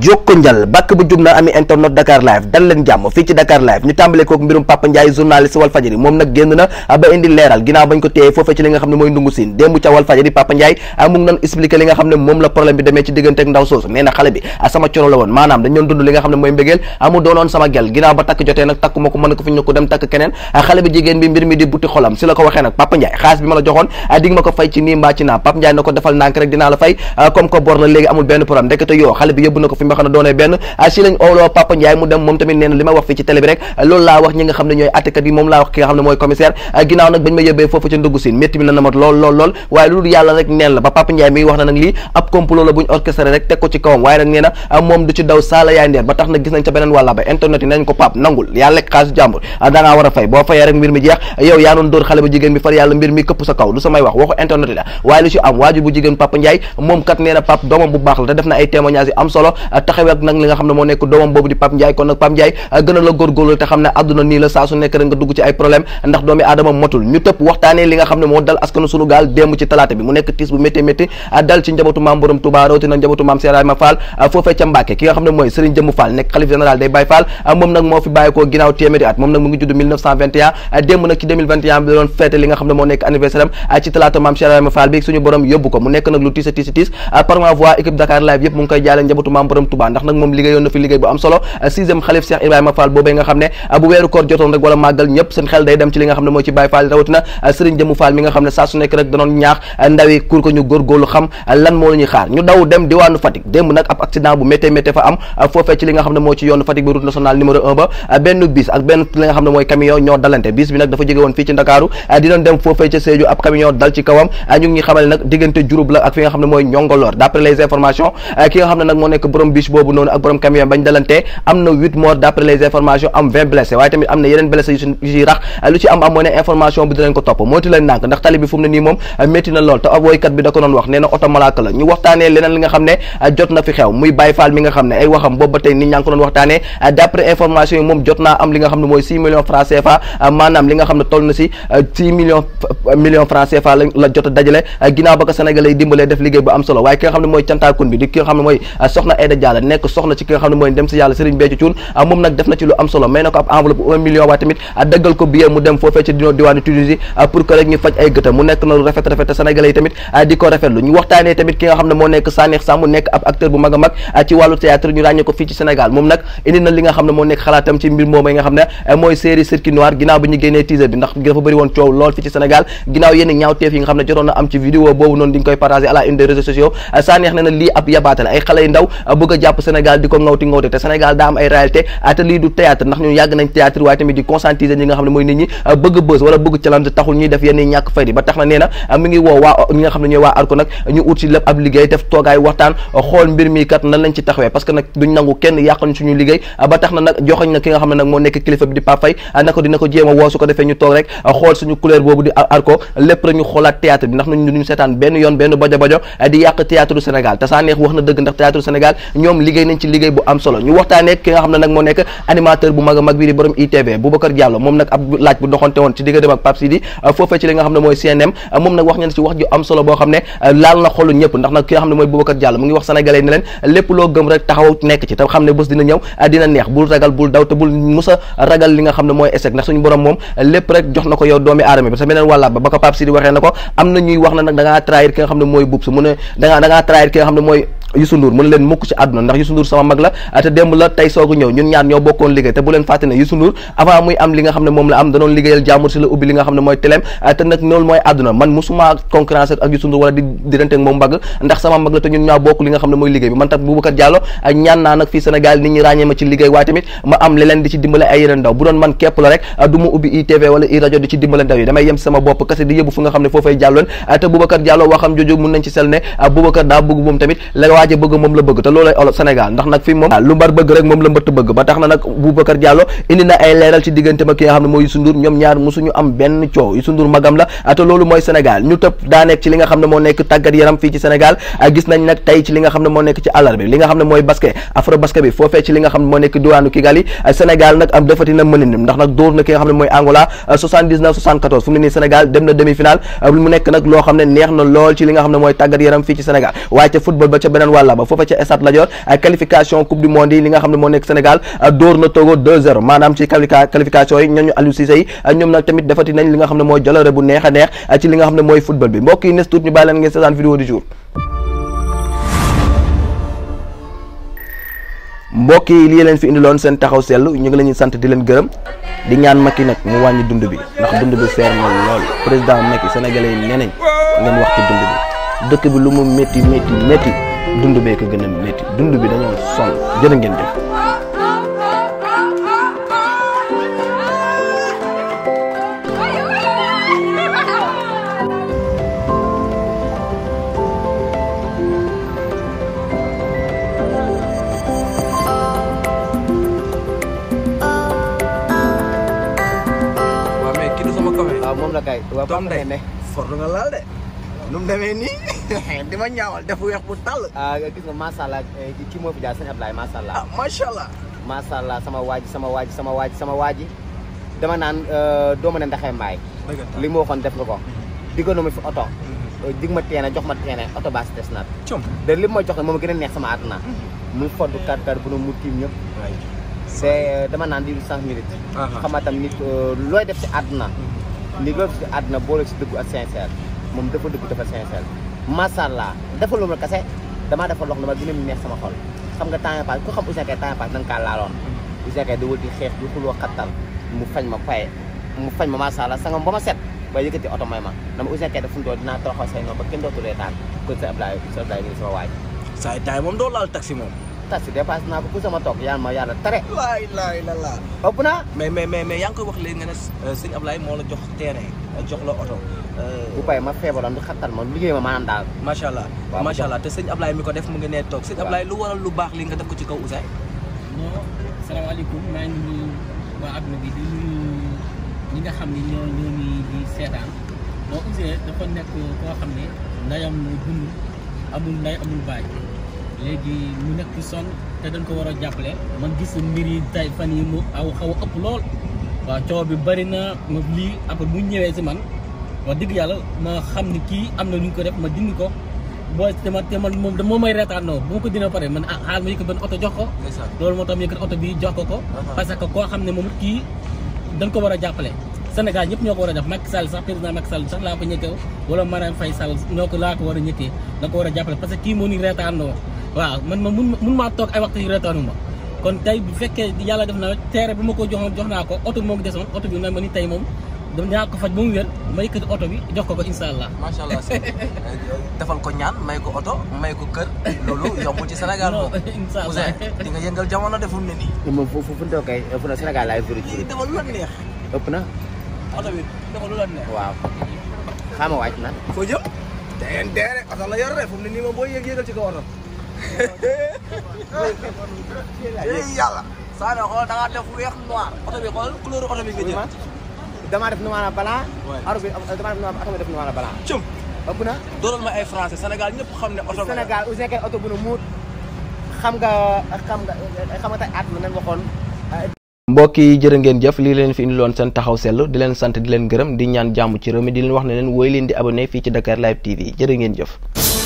jokko njal bàkk bu jub na ami internet Dakar live dal leen jàmm fii ci Dakar live ñu tàmbale kook mbirum Papa Ndiaye journaliste Walf Fadjri moom nag génn na ah, ba indi leeral ginnaaw ba ñu ko dem takk keneen na ko defal fi mba doonee benn ah, si lañ ooloo Papa mu dem moom tamit nee li ma wax fii ci télé bi rek loolu laa wax ñi nga xam ne ñooy attekat yi moom laa wax ki nga xam ne mooy commissaire ah, ginnaaw nag bañ ma yóbbee foofu ca ndugg siin métti mi na na lool lool waaye lu dul yàlla rek neen la ba Papa Ndiaye wax na nag lii ab complot la bu ñu orchestré rek teg ko ci kawam waaye nag nee ah, moom du ci daw saala yaay ndeer ba tax na gis nañ taxawee ak nag li nga xam ne moo nekk doomam boobu di Pape Ndiaye kon nag Pape Ndiaye euh, gën a la góorgóorlu te xam ne àdduna nii la saa su nekk nga dugg ci ay problème ndax doomi aadama motul ñu tëpp waxtaanee li nga xam ne moo nekk tiis bu ci talaata maam Seeraay ma Fall bi suñu borom yóbbu ko mu nekk nag lu tiis a tiis a euh, par ma voix équipe Dakar live yëpp mu ngi koy jaale maam borom borom ndax nag moom liggéeyoon na fi liggéey bu am solo euh, sixième xalif Cheikh Ibrahima Fall boobee nga xam ne euh, bu weeru koor jotoon rek wala màggal ñëpp seen xel day dem ci li nga xam ne mooy ci Baye Fall rawatina euh, Serigne Jëmu Fall mi nga xam ne saa su nekk rek danoon ñaax ndawi kur ko ñu góorgóorlu xam lan moo la xaar ñu daw dem diwaanu Fatick démb nag ab accident bu méttee méttee fa am foofee ci li nga xam ne mooy ci Ndakaaru di borom boobu noonu ak borom camion bañ dalante am na huit morts d'après les informations am vingt blessés waaye tamit am na yeneen blessés yu si rax lu ci am am moo ne information bi da ko doon wax ne euh, jot ne ay euh, mooy six millions francs CFA euh, maanaam la jot a dajale ginnaaw ba ko sénégalais yi dimbalee def liggéey bu am solo waaye ki xam ne mooy cantaakun bi di ki xam ne mooy soxna Aïda nekk soxna ci ki nga xam ne mooy dem si yàlla Serigne mu nekk ab acteur bu mag a mag ah, ci wàllu théâtre ñu ràññee fii ci Sénégal moom nag indi na li nga xam ne moo nekk xalaatam ci mbir moom nga xam ne ah, mooy série circuit noir ginnaaw bi ñu génnee teaser bi ndax dafa bëri woon coow lool fii ci Sénégal ginnaaw yenn ñaawteef yi nga xam ne jotoon na am ci vidéo boobu noonu di ñu koy partager à la une des réseaux sociaux ah, Sanex nee na lii ab yabaatale bëgg a jàpp Sénégal di ko ngawti ngawti te Sénégal daa am ay réalité ate du théâtre ndax ñun yàgg nañ théâtre waaye tamit di conscientiser ñi nga di euh, ko dina ko te saa neex wax na dëgg ndax théâtre Sénégal ñoom liggéey nañ ci liggéey bu am solo ñu waxtaanee ki nga xam ne nag moo nekk animateur bu mag a mag bi di borom ITV Boubacar Diallo moom nag ab laaj bu doxante woon ci digga dem ak Pape euh, ci li ne mooy CNM euh, moom nag wax ngeen ci wax ju am solo boo xam ne euh, ne mooy Boubacar Diallo mu ngi wax sénégalais ne leen lépp loo te xam ne bés dina ñëw dina neex bul ragal bul daw te bul musa ragal li nga xam ne mooy échec ndax suñu borom moom lépp rek jox na ko yow doomi aadama bi sa beneen wàlla ba ba ko Pape Sidi waxee na ko am na ñuy wax na nag da ngaa ki nga xam ne mooy Youssou Ndour mën leen mukk ci àdduna ndax Youssou Ndour sama mag la te démb la tey soogu ñëw ñun ñaar ñoo bokkoon liggéey te bu leen fàtte ne Youssou Ndour muy am li nga xam ne moom la am danoon liggéeyal jàmbur si la ubbi li nga xam ne mooy teleem te nag moom man tax la rek du ma ubbi ITV wala i rajo di ci dimbale ndaw yi damay yem sama bopp kese di yóbbu fu nga xam ne foofay jàlloon te Boubacar Diallo waxam jojo mun nañ ci sel ne Boubacar daa bëgg moom waaje bëgg moom la bëgg te loolay olo Sénégal ndax nag fi moom lu mbar bëgg rek moom la mbëtt bëgg ba tax na nag Boubacar Diallo indi na ay leeral ci diggante ma ki nga xam ne mooy Youssou yaram fii ci Sénégal waaye ca football ba ca beneen wàlla ba foofa ca stade Lat Dior qualification coupe du monde yi li nga xam ne moo nekk Sénégal euh, dóor na Togo 2-0 maanaam ci qualification yi ñooñu Aliou Cissé yi euh, ñoom nag tamit defati nañ li nga xam ne mooy jaloore bu neex a neex euh, ci li nga xam ne mooy football bi mbokk yi nes yi lii leen fi indiloon seen taxaw seetlu ñu ngi leen di sant di leen gërëm di ñaan ki nag mu wàññi dund bi ndax dund bi seer na lool président Macky sénégalais yi nee nañ ngeen wax ci bi dëkk bi lu mu métti métti métti dund bee ko gën a métti dund bi dañoo sonn jërë ngeen jëf. Ah, moom la kay waaw moom la kay ne for nga laal de nu mu demee nii di ma ñaawal def weex bu tàll. Ah, gis nga macha allah eh, kii moo fi jaar sëñ Ablaye macha allah. ah macha allah. macha allah sama waaji sama waaj sama waaj sama waaji dama naan eh, doo ma ne ndaxee mbaay. li ma waxoon def nga ko. Mhm. diggoon ma fi oto. Mhm. Eh, dig ma teene jox ma teene oto baas des na. com li ma jox nag moom gën a neex sama mhm. mu muy foddu kàddu bu ne mu tiim ñëpp. c'est dama naan di cinq minutes. xam tam nit looy def si àdduna. ni looy def si àdduna boole si dëggu ak sincère moom dafa dëgg dafa sincère. macha allah defaloo ma kese damaa defal lox na ma dina neex sama xol xam nga temps pass ku xam Ouzin Keita temps pass nan kaa laaloon Ouzin Keita di wër di xeex di xuloo xattal mu fañ ma paye mu fañ ma macha allah sangam ba ma set ba yëkkati oto may ma dama Ouzin Keita fu mu doon dinaa toroxal say noonu ba kenn doo laal taxi ku sama toog yàlla ma yàlla mais mais mais mais yaa ngi koy wax léegi nga ne euh, sëñ Ablaye moo la jox terrain la oto bu pay ma feebaroon du xattal ma liggéey ma maanaam daal macha allah macha allah te sëñ Ablaye mi ko def mu ngi ne toog sëñ Ablaye lu waral lu baax li nga def ko ci kaw Ouzin bon salaamaaleykum maa ngi bi ñi nga xam ne ñoo ñoo di seetaan bon Ouzin dafa nekk koo xam ne ndayam dund amul nday amul baay léegi mu nekk son sonn te dañ ko war a jàppale man gis mbir yi tay fan yi mu aw xaw a ëpp lool waaw coow bi bëri na lii après mu ñëwee si man wax dëgg yàlla ma xam ni kii am na lu ñu ko def ma dindi ko booy te man te man moom moom may reetaan bu ma ko dina pare man ah xaaral ma yëkkat benn oto jox ko. loolu moo tax ma yëkkat jox ko ko. Uh-huh. parce que koo xam ne moom kii dañ ko war a jàppale. Sénégal ñëpp ñoo ko war a def Macky Sall sax président a ñëkkee da ko a jàppale parce que kii moo ni reetaan noonu waaw man ma mun mun maa toog na teere bi ma ko joxoon jox naa ko oto bi moo ngi desoon oto bi na ma ni tey moom dinaa ko faj ba mu wér may yëkkati oto bi jox ko ko incha allah. macha allah si defal ko ñaan may ko oto may ko kër loolu yomb ci Sénégal moom. incha allah di nga yëngal jamono deful ne nii. moom foofu fu ñu toog kay ëpp na Sénégal laay bëri. ci defal lu la neex. ëpp na. oto bi defal lu la neex. waaw xaama wàcc na. foo jëm. da ngeen la yor rek fu nii moom boo yëg yëgal ci kaw oto. yàlla. saa ne xool def weex noir oto bi xool couleur oto bi nga damaa def numaana balaa. arbi euh, def numaana balaa. cëm ëpp na. doolal ma ay français Sénégal ñëpp xam ne oto. bu nu muut xam nga xam nga xam nga tey at mi nañ waxoon. mbokk yi jërë ngeen jëf lii leen fi indiloon seen taxaw seetlu di leen sant di leen gërëm di ñaan jàmm ci réew mi di leen wax ne leen wooy leen di abonné fii ci Dakar Live TV jërë ngeen jëf.